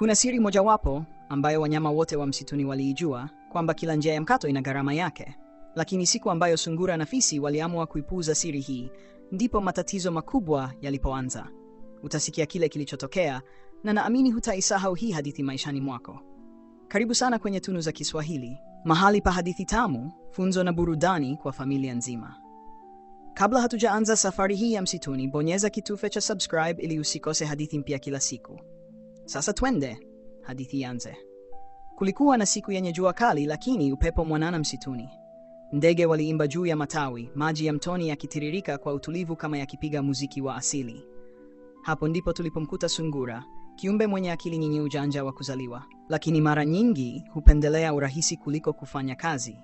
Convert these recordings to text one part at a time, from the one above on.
Kuna siri mojawapo ambayo wanyama wote wa msituni waliijua kwamba kila njia ya mkato ina gharama yake, lakini siku ambayo sungura na fisi waliamua kuipuuza siri hii, ndipo matatizo makubwa yalipoanza. Utasikia kile kilichotokea, na naamini hutaisahau hii hadithi maishani mwako. Karibu sana kwenye Tunu za Kiswahili, mahali pa hadithi tamu, funzo na burudani kwa familia nzima. Kabla hatujaanza safari hii ya msituni, bonyeza kitufe cha subscribe ili usikose hadithi mpya kila siku. Sasa twende, hadithi ianze. Kulikuwa na siku yenye jua kali, lakini upepo mwanana msituni. Ndege waliimba juu ya matawi, maji ya mtoni yakitiririka kwa utulivu kama yakipiga muziki wa asili. Hapo ndipo tulipomkuta sungura, kiumbe mwenye akili nyingi, ujanja wa kuzaliwa, lakini mara nyingi hupendelea urahisi kuliko kufanya kazi.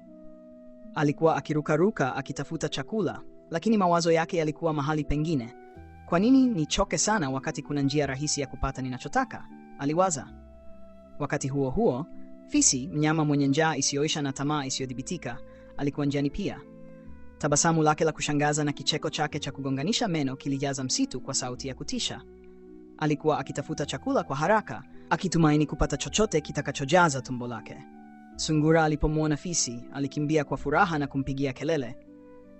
Alikuwa akirukaruka akitafuta chakula, lakini mawazo yake yalikuwa mahali pengine, kwa nini nichoke sana wakati kuna njia rahisi ya kupata ninachotaka? Aliwaza. Wakati huo huo, fisi, mnyama mwenye njaa isiyoisha na tamaa isiyodhibitika, alikuwa njiani pia. Tabasamu lake la kushangaza na kicheko chake cha kugonganisha meno kilijaza msitu kwa sauti ya kutisha. Alikuwa akitafuta chakula kwa haraka, akitumaini kupata chochote kitakachojaza tumbo lake. Sungura alipomwona fisi, alikimbia kwa furaha na kumpigia kelele,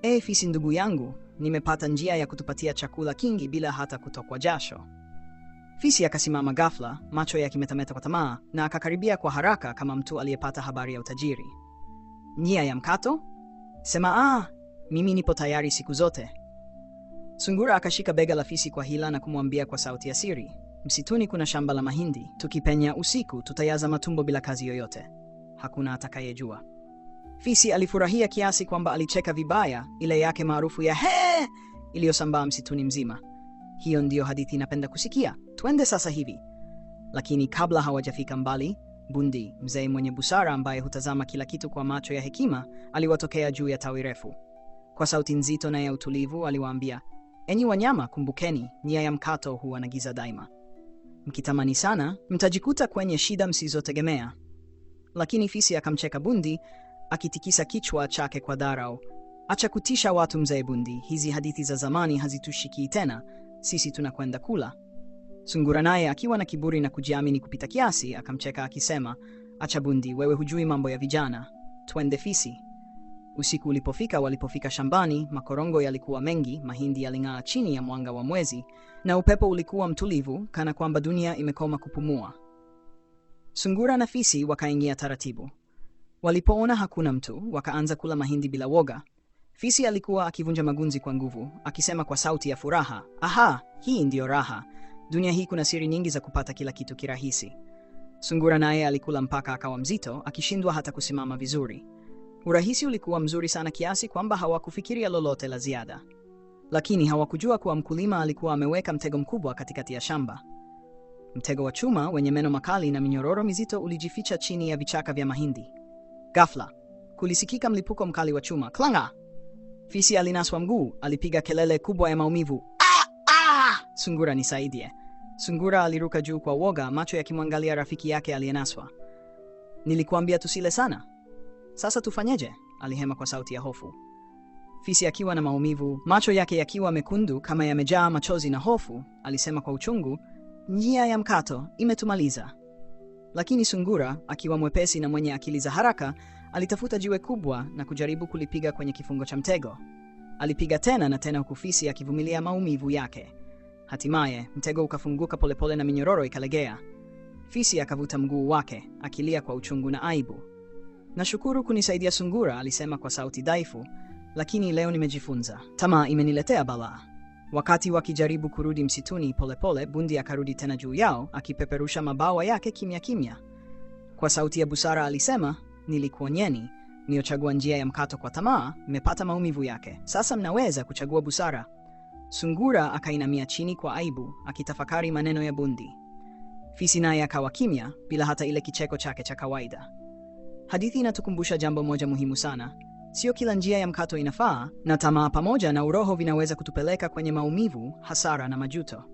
e fisi ndugu yangu, nimepata njia ya kutupatia chakula kingi bila hata kutokwa jasho. Fisi akasimama ghafla, macho yake yakimetameta kwa tamaa, na akakaribia kwa haraka kama mtu aliyepata habari ya utajiri. Njia ya mkato? Sema ah, mimi nipo tayari siku zote. Sungura akashika bega la fisi kwa hila na kumwambia kwa sauti ya siri, msituni kuna shamba la mahindi, tukipenya usiku tutayaza matumbo bila kazi yoyote, hakuna atakayejua. Fisi alifurahia kiasi kwamba alicheka vibaya, ile yake maarufu ya he iliyosambaa msituni mzima. Hiyo ndiyo hadithi inapenda kusikia. Twende sasa hivi. Lakini kabla hawajafika mbali, bundi mzee mwenye busara ambaye hutazama kila kitu kwa macho ya hekima aliwatokea juu ya tawi refu. Kwa sauti nzito na ya utulivu aliwaambia, enyi wanyama, kumbukeni, nia ya mkato huwa na giza daima. Mkitamani sana mtajikuta kwenye shida msizotegemea. Lakini fisi akamcheka bundi akitikisa kichwa chake kwa dharau. Acha kutisha watu, mzee bundi, hizi hadithi za zamani hazitushikii tena, sisi tunakwenda kula. Sungura naye akiwa na kiburi na kujiamini kupita kiasi akamcheka akisema, acha bundi, wewe hujui mambo ya vijana, twende fisi. Usiku ulipofika, walipofika shambani, makorongo yalikuwa mengi, mahindi yaling'aa chini ya mwanga wa mwezi, na upepo ulikuwa mtulivu, kana kwamba dunia imekoma kupumua. Sungura na fisi wakaingia taratibu. Walipoona hakuna mtu, wakaanza kula mahindi bila woga. Fisi alikuwa akivunja magunzi kwa nguvu, akisema kwa sauti ya furaha, aha, hii ndiyo raha. Dunia hii kuna siri nyingi za kupata kila kitu kirahisi. Sungura naye alikula mpaka akawa mzito, akishindwa hata kusimama vizuri. Urahisi ulikuwa mzuri sana kiasi kwamba hawakufikiria lolote la ziada, lakini hawakujua kuwa mkulima alikuwa ameweka mtego mkubwa katikati ya shamba. Mtego wa chuma wenye meno makali na minyororo mizito ulijificha chini ya vichaka vya mahindi. Ghafla kulisikika mlipuko mkali wa chuma klanga. Fisi alinaswa mguu, alipiga kelele kubwa ya maumivu. Ah, ah! Sungura, nisaidie! Eh. Sungura aliruka juu kwa woga, macho yakimwangalia rafiki yake aliyenaswa. Nilikuambia tusile sana, sasa tufanyeje? Alihema kwa sauti ya hofu. Fisi akiwa na maumivu, macho yake yakiwa mekundu kama yamejaa machozi na hofu, alisema kwa uchungu, njia ya mkato imetumaliza. Lakini sungura, akiwa mwepesi na mwenye akili za haraka, alitafuta jiwe kubwa na kujaribu kulipiga kwenye kifungo cha mtego. Alipiga tena na tena, huku fisi akivumilia maumivu yake. Hatimaye mtego ukafunguka polepole na minyororo ikalegea. Fisi akavuta mguu wake akilia kwa uchungu na aibu. Nashukuru kunisaidia sungura, alisema kwa sauti dhaifu, lakini leo nimejifunza, tamaa imeniletea balaa. Wakati wakijaribu kurudi msituni polepole pole, bundi akarudi tena juu yao akipeperusha mabawa yake kimya kimya. Kwa sauti ya busara alisema, nilikuonyeni niochagua njia ya mkato kwa tamaa, mmepata maumivu yake. Sasa mnaweza kuchagua busara. Sungura akainamia chini kwa aibu, akitafakari maneno ya bundi. Fisi naye akawa kimya, bila hata ile kicheko chake cha kawaida. Hadithi inatukumbusha jambo moja muhimu sana. Sio kila njia ya mkato inafaa, na tamaa pamoja na uroho vinaweza kutupeleka kwenye maumivu, hasara na majuto.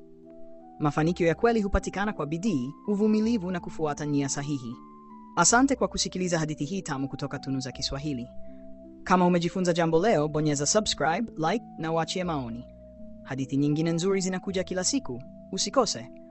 Mafanikio ya kweli hupatikana kwa bidii, uvumilivu na kufuata njia sahihi. Asante kwa kusikiliza hadithi hii tamu kutoka Tunu za Kiswahili. Kama umejifunza jambo leo, bonyeza subscribe, like na uachie maoni. Hadithi nyingine nzuri zinakuja kila siku, usikose.